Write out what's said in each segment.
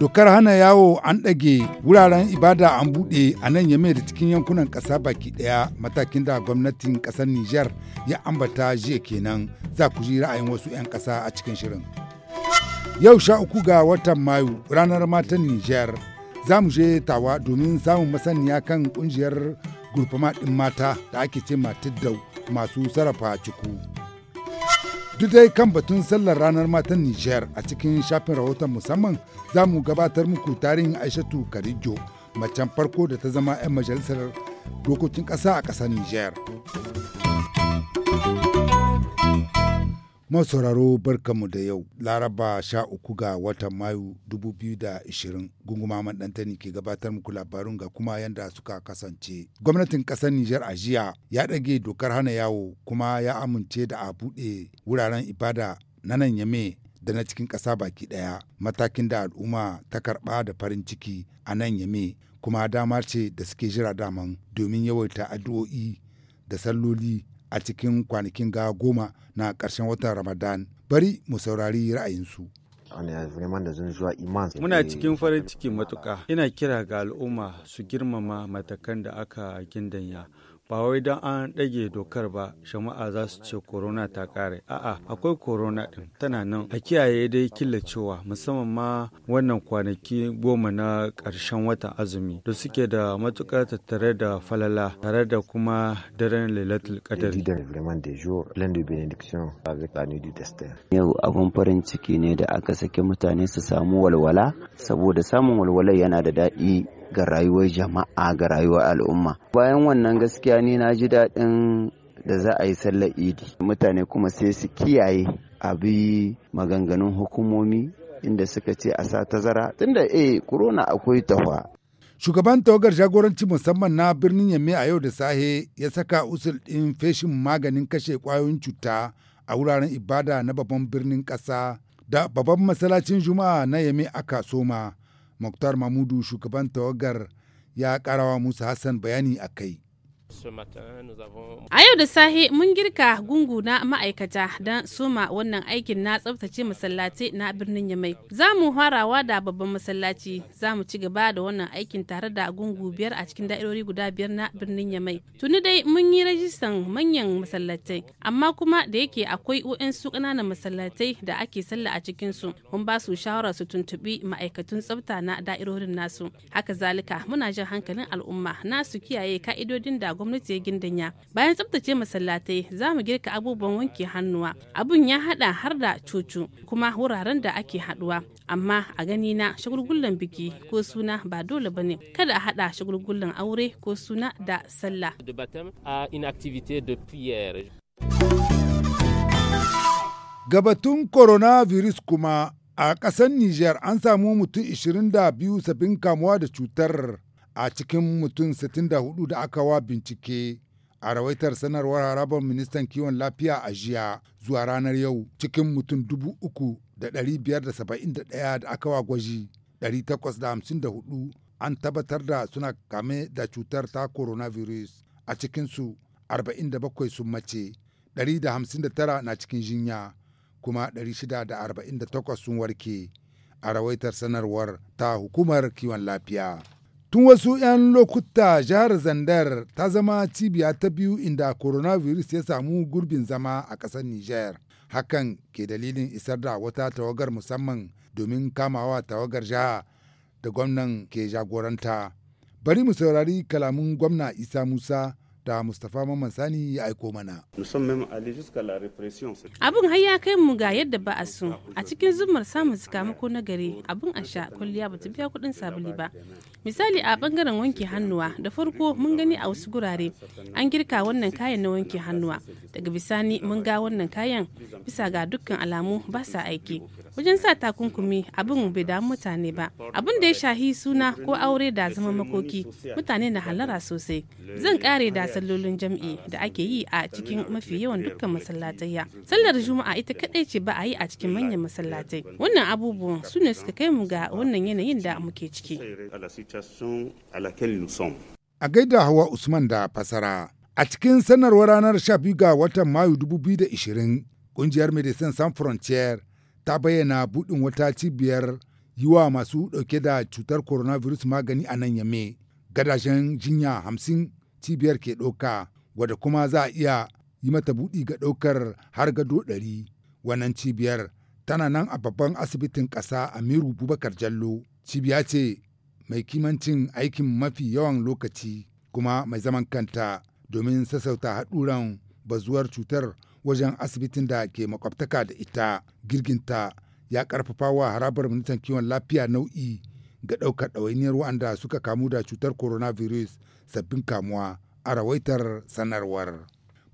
dokar hana yawo an ɗage wuraren ibada an buɗe a nan ya da cikin yankunan ƙasa baki ɗaya matakin da gwamnatin ƙasar Nijar ya ambata jiya kenan za ku ji ra'ayin wasu 'yan ƙasa a cikin shirin. Yau sha uku ga watan Mayu ranar matan Nijar za mu je tawa domin samun masaniya kan ƙungiyar gurfama ɗin mata da ake ce matidda masu sarrafa ciku. Duk dai kan batun sallar ranar matan Nijar a cikin shafin rahoton musamman za mu gabatar muku tarihin Aishatu Karijo, macen farko da ta zama 'yan majalisar dokokin ƙasa a ƙasar Nijar. masauraro barkanmu da yau laraba sha uku ga watan mayu da 2020 gunguma ɗantani ke gabatar muku labarun ga kuma yadda suka kasance gwamnatin ƙasar nijar a jiya ya ɗage dokar hana yawo kuma ya amince da a buɗe wuraren ibada na nan yame da na cikin ƙasa baki ɗaya matakin da al'umma ta karɓa da farin ciki a nan yame kuma dama ce da suke jira daman domin yawaita addu'o'i da salloli a cikin kwanakin ga goma na ƙarshen watan Ramadan. Bari mu saurari ra'ayinsu. Muna cikin farin ciki matuka Ina kira ga al'umma su girmama matakan da aka gindanya. ba wai don an ɗage dokar ba shama'a za su ce korona ta ƙare a'a akwai korona ɗin tana nan a kiyaye dai killacewa musamman ma wannan kwanaki goma na ƙarshen watan azumi da suke da matuƙar tattare da falala tare da kuma daren lailatul qadr yau abun farin ciki ne da aka saki mutane su samu walwala saboda samun walwala yana da daɗi ga rayuwar jama'a ga rayuwar al'umma bayan wannan gaskiya ne na ji daɗin da za a yi sallar idi mutane kuma sai su kiyaye abi maganganun hukumomi inda suka ce a sa tazara tunda eh corona akwai tahwa shugaban tawagar jagoranci musamman na birnin yamme a yau da sahe ya saka usul ɗin feshin maganin kashe ƙwayoyin cuta a wuraren ibada na babban birnin ƙasa da babban masallacin juma'a na yamme aka soma Muktar Mamudu shugaban tawagar ya karawa Musa Hassan bayani a kai. A yau da sahi mun girka gungu na ma'aikata don soma wannan aikin na tsabtace masallatai na birnin Yamai. Za mu harawa da babban masallaci, za mu ci gaba da wannan aikin tare da gungu biyar a cikin da'irori guda biyar na birnin Yamai. Tuni dai mun yi rajistan manyan masallatai, amma kuma da yake akwai su ƙananan masallatai da ake sallah a cikin su, mun ba su shawara su tuntuɓi ma'aikatun tsabta na da'irorin nasu. Haka zalika muna jin hankalin al'umma nasu kiyaye ka'idodin da gwamnati ya gindanya bayan tsabtace masallatai za mu girka abubuwan wanke hannuwa abun ya hada har da cucu kuma wuraren da ake haduwa amma a gani na shagulgullan biki ko suna ba dole bane kada a hada shagulgullan aure ko suna da sallah gabatun coronavirus kuma a ƙasar niger an samu mutum 22 sabbin kamuwa da cutar a cikin mutum 64 da aka wa bincike a rawaitar sanarwar harabar ministan kiwon lafiya a jiya zuwa ranar yau cikin mutum 3,571 da aka wa gwaji 854 an tabbatar da suna kame da cutar ta coronavirus a cikinsu 47 sun mace 159 na cikin jinya kuma 648 sun warke a rawaitar sanarwar ta hukumar kiwon lafiya. Tun wasu 'yan lokuta jihar Zandar ta zama cibiya ta biyu inda coronavirus ya samu gurbin zama a ƙasar Nijar. Hakan ke dalilin isar da wata tawagar musamman domin kamawa tawagar jiha da gwamnan ke jagoranta. Bari mu saurari kalamun gwamna Isa Musa da Mustapha Mamman Sani ya aiko mana. Abin har ya kai mu ga yadda ba a so a cikin zumar samun sakamako na gari abin a sha kwalliya ba ta biya kuɗin sabuli ba. Misali a bangaren wanke hannuwa da farko mun gani a wasu gurare an girka wannan kayan na wanke hannuwa daga bisani mun ga wannan kayan bisa ga dukkan alamu ba sa aiki wajen sa takunkumi abin bai damu mutane ba abin da ya shahi suna ko aure da zama makoki mutane na halara sosai zan kare da sallolin jam'i da ake yi a cikin mafi yawan dukkan masallatayya sallar juma'a ita kadai ce ba a yi a cikin manyan masallatai wannan abubuwan su ne suka kai mu ga wannan yanayin da muke ciki a gaida hawa usman da fasara a cikin sanarwar ranar 12 ga watan mayu 2020 kungiyar medecines sans frontiere ta bayyana buɗin wata cibiyar yi wa masu ɗauke da cutar coronavirus magani a nan yame gadashen jinya hamsin cibiyar ke ɗauka wadda kuma za a iya yi mata buɗi ga ɗaukar har gado ɗari wannan cibiyar tana nan a babban asibitin ƙasa amiru bubakar jallo cibiya ce mai kimancin aikin mafi yawan lokaci kuma mai zaman kanta domin sassauta haɗuran bazuwar cutar wajen asibitin da ke makwabtaka da ita girginta ya karfafa wa harabar ministan kiwon lafiya nau'i ga ɗaukar ɗawainiyar waɗanda suka kamu da cutar coronavirus sabbin kamuwa a rawaitar sanarwar.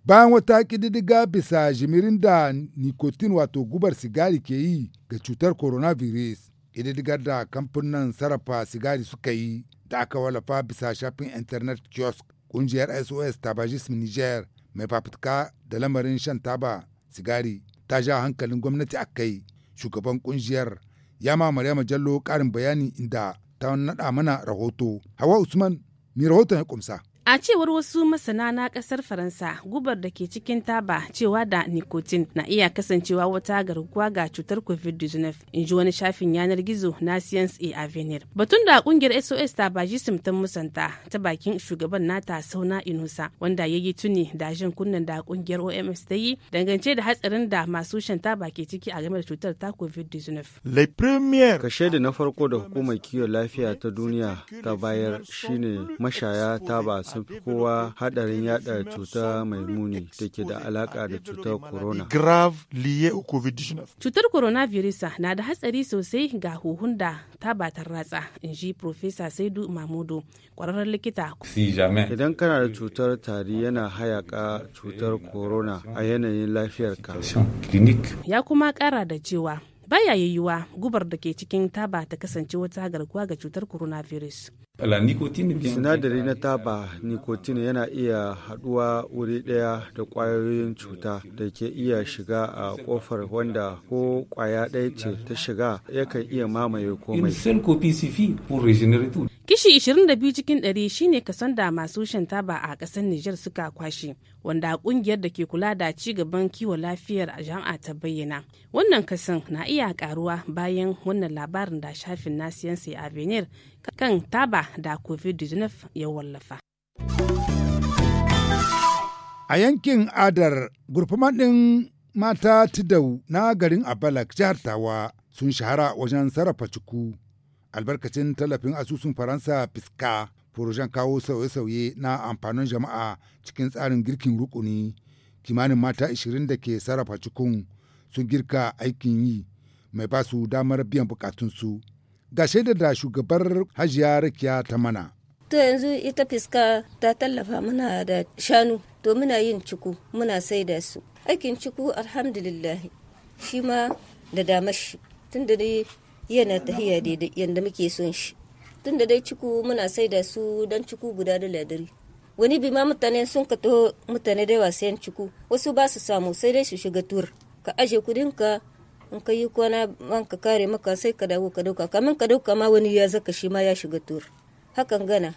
Bayan wata ƙididdiga bisa jimirin da nikotin wato gubar sigari ke yi ga cutar coronavirus, ƙididdigar da kamfanin sarrafa sigari suka yi da aka wallafa bisa shafin internet kiosk ƙungiyar SOS Tabagism Niger mai fafutuka da lamarin shan taba sigari ta ja hankalin gwamnati a kai shugaban kungiyar ya ma maryama jallo karin bayani inda ta naɗa mana rahoto hawa usman mai rahoton ya kumsa A cewar wasu masana na kasar Faransa, gubar da ke cikin taba cewa da nicotine na iya kasancewa wata garkuwa ga cutar COVID-19, in ji wani shafin yanar gizo na Science A Avenir. Batun da kungiyar SOS ta baji simtan musanta ta bakin shugaban nata Sauna Inusa, wanda ya yi tuni da jin kunnen da kungiyar OMS ta yi dangance da hatsarin da masu shan taba ke ciki a game da cutar ta COVID-19. Kashe da na farko da hukumar kiwon lafiya ta duniya ta bayar shine mashaya taba sun kowa haɗarin yaɗa cuta mai muni da ke da alaƙa da cutar corona. Cutar coronavirus na da hatsari sosai ga huhun da ta tabatar ratsa, in ji Profesa Saidu Mamudu, kwararren likita. Idan kana da cutar tari yana hayaƙa cutar corona a yanayin lafiyar lafiyarka. Ya kuma ƙara da cewa baya yiwuwa gubar da ke cikin taba ta kasance wata garkuwa ga cutar coronavirus. sinadari na taba nicotine yana iya haduwa wuri daya da kwayoyin cuta da ke iya shiga a kofar wanda ko kwaya daya ce ta shiga yakan iya mamaye komai Kishi 22 cikin 100 shine kasan da masu shan taba a ƙasar Nijar suka kwashe, wanda ƙungiyar da ke kula da ci gaban kiwon lafiyar a jama'a ta bayyana. Wannan kasan na iya karuwa bayan wannan labarin da shafin nasiyansa a Benin kan taba da COVID-19 ya wallafa. A yankin Adar, gurfaman ɗin mata Tidau na garin Abalak jihar Tawa sun shahara wajen sarrafa cuku albarkacin tallafin asusun faransa fiska furojen kawo sauye-sauye na amfanin jama'a cikin tsarin girkin rukuni kimanin mata 20 da ke sarrafa cikin sun girka aikin yi mai ba su damar biyan bukatunsu ga shaidar da shugabar hajiya rakiya ta mana to yanzu ita fiska ta tallafa muna da shanu to muna yin ciku muna sai da su aikin ciku alhamdulillah shi ma da damashi tunda ne. yana tahiya da yadda muke son shi tun da dai ciku muna sai da su dan ciku guda da ladari wani bi ma mutane sun kato mutane da yawa sayan ciku wasu ba su samu sai dai su shiga tur ka aje kudin in ka yi kwana ban ka kare maka sai ka dawo ka dauka kamin ka dauka ma wani ya zaka shi ma ya shiga tur hakan gana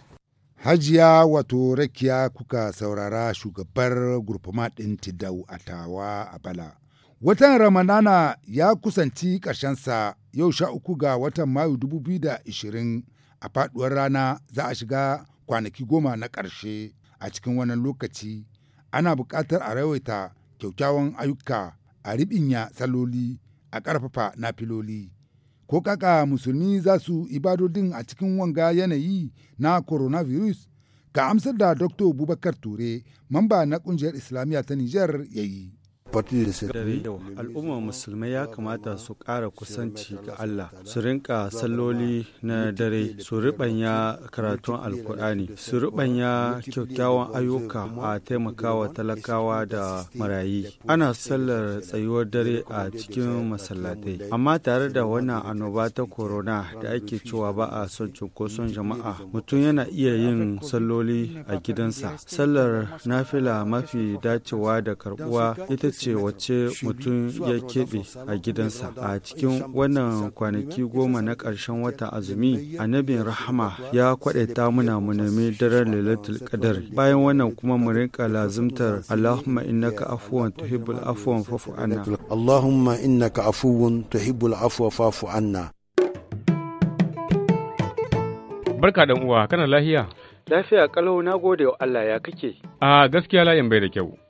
Hajiya wato rakiya kuka saurara shugabar gurfama din Tidau a tawa a bala. Watan Ramadana ya kusanci sa. yau sha uku ga watan Mayu 2020 a faduwar rana za a shiga kwanaki goma na ƙarshe a cikin wannan lokaci ana buƙatar a rawaita kyaukyawan ayyuka a ribinya saloli a ƙarfafa na filoli. Ko kaka musulmi za su ibadodin a cikin wanga yanayi na coronavirus? ga amsar da Dr. Bubakar Ture, mamba na ƙungiyar Islamiyya ta Nijar ya yi. al'ummar musulmai ya kamata su ƙara kusanci ga Allah su rinka salloli na dare su riɓanya karatun alkur'ani su riɓanya kyakkyawan ayyuka a taimakawa talakawa da marayi ana sallar tsayuwar dare a cikin masallatai amma tare da wannan annoba ta corona da ake cewa ba a son cunkoson jama'a mutum yana iya yin salloli a gidansa sallar nafila mafi dacewa da karbuwa ita ce wace mutum ya keɓe a gidansa a cikin wannan kwanaki goma na ƙarshen wata azumi annabin rahama ya kwaɗaita muna mu nemi daren lailatul qadar bayan wannan kuma mu rinka lazimtar allahumma innaka afuwan tuhibbul afuwan fafu anna allahumma innaka afuwan tuhibbul afuwan fafu anna barka dan uwa kana lafiya lafiya kalau na gode wa Allah ya kake a gaskiya layin bai da kyau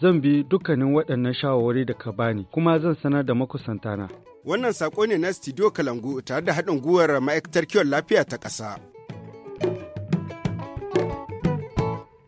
zan bi dukkanin waɗannan shawarwari da ka bani kuma zan sanar da makusantana. Wannan saƙo ne na Studio Kalangu tare da haɗin gwiwar ma'aikatar kiwon lafiya ta ƙasa.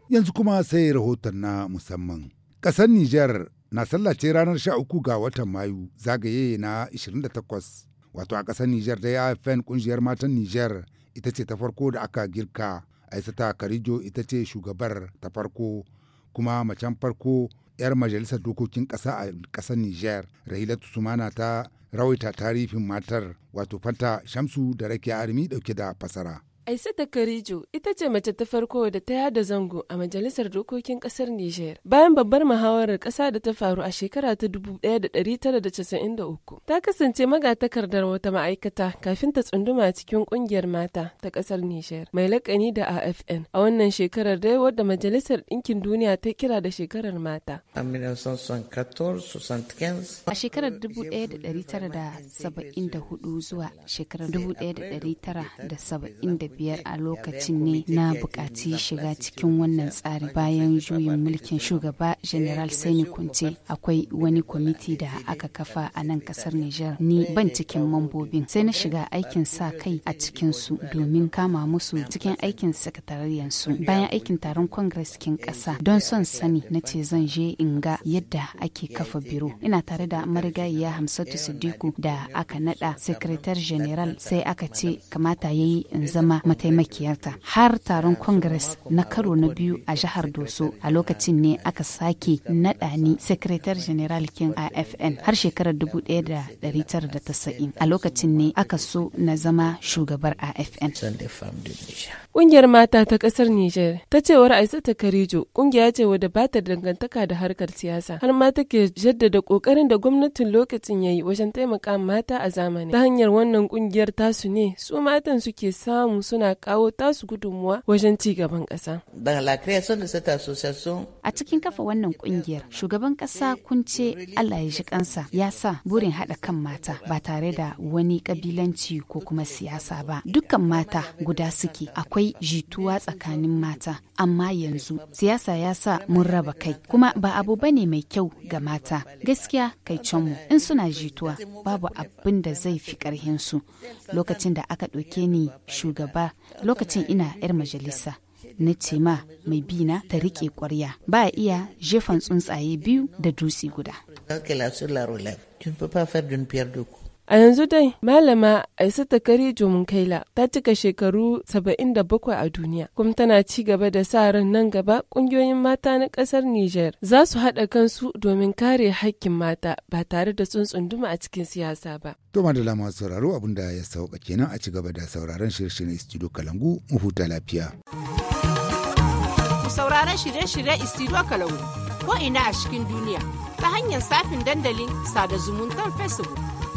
Yanzu kuma sai rahoton na musamman. Ƙasar Nijar na sallace ranar sha uku ga watan Mayu zagaye na 28. Wato a ƙasar Nijar da AFN ƙungiyar matan Nijar ita ce ta farko da aka girka. Aisata Karijo ita ce shugabar ta farko kuma macen farko 'yar majalisar dokokin ƙasa a ƙasar Nijar, Rahilatu Sumana ta rawaita tarihin matar wato Fanta Shamsu da Rakiya Armi dauke da fasara. Aisata Karijo ita ce mace ta farko da ta yada zango a Majalisar Dokokin Kasar Nijar bayan babbar muhawarar ƙasa da ta faru a shekara ta 1993. Ta kasance magatakardar wata ma'aikata kafin ta tsunduma cikin ƙungiyar mata ta ƙasar Nijar mai lakani da AFN. A wannan shekarar dai wadda Majalisar Ɗinkin Duniya ta kira da shekarar mata. A shekarar 1974 zuwa shekarar 1975 biyar a lokacin ne na bukaci shiga cikin wannan tsari bayan juyin mulkin shugaba general sani kunce akwai wani kwamiti da aka kafa a nan kasar niger ni ban cikin mambobin sai na shiga aikin sa kai a cikin su domin kama musu cikin aikin sakatariyar su bayan aikin taron congress kin ƙasa. don son sani na ce zan je in ga yadda ake kafa biro ina tare da marigayiya hamsatu sidiku da aka nada sekretar general sai aka ce kamata yayi in zama mataimakiyarta har taron congress na karo na biyu a jihar doso a lokacin ne aka sake naɗa ni secretary general king afn har shekarar 1990 a lokacin ne aka so na zama shugabar afn Ƙungiyar mata ta ƙasar Nijar ta cewar ta Karijo ƙungiya ce wadda ba ta dangantaka da harkar siyasa har ma take jaddada ƙoƙarin da gwamnatin lokacin yayi wajen taimaka mata a zamani. Ta hanyar wannan ƙungiyar tasu ne su matan suke samu suna kawo tasu gudunmuwa wajen ci gaban ƙasa. A cikin kafa wannan ƙungiyar shugaban ƙasa kunce Allah ya shi kansa ya sa burin haɗa kan mata ba tare da wani ƙabilanci ko kuma siyasa ba. Dukkan mata guda suke akwai akwai jituwa tsakanin mata, amma yanzu siyasa ya sa mun raba kai, kuma ba abu ba ne mai kyau ga mata. Gaskiya kai canmu. in suna jituwa babu abin da zai fi su Lokacin da aka ɗauke ni shugaba, lokacin ina 'yar majalisa. na ce ma mai bina ta riƙe ƙwarya ba a iya jefan tsuntsaye biyu da dutse guda. A yanzu dai, Malama Aisata Karejo Kaila ta cika shekaru 77 a duniya, kuma tana ci gaba da sa ran nan gaba ƙungiyoyin mata na ƙasar Nijar za su haɗa kansu domin kare haƙƙin mata ba tare da duma a cikin siyasa ba. To madala masu sauraro abin da ya sauka kenan a ci gaba da sauraron shirye-shiryen Studio Kalangu mu huta lafiya. Ku sauraron shirye-shiryen Studio Kalangu ko ina a cikin duniya ta hanyar safin dandalin sada zumuntar Facebook.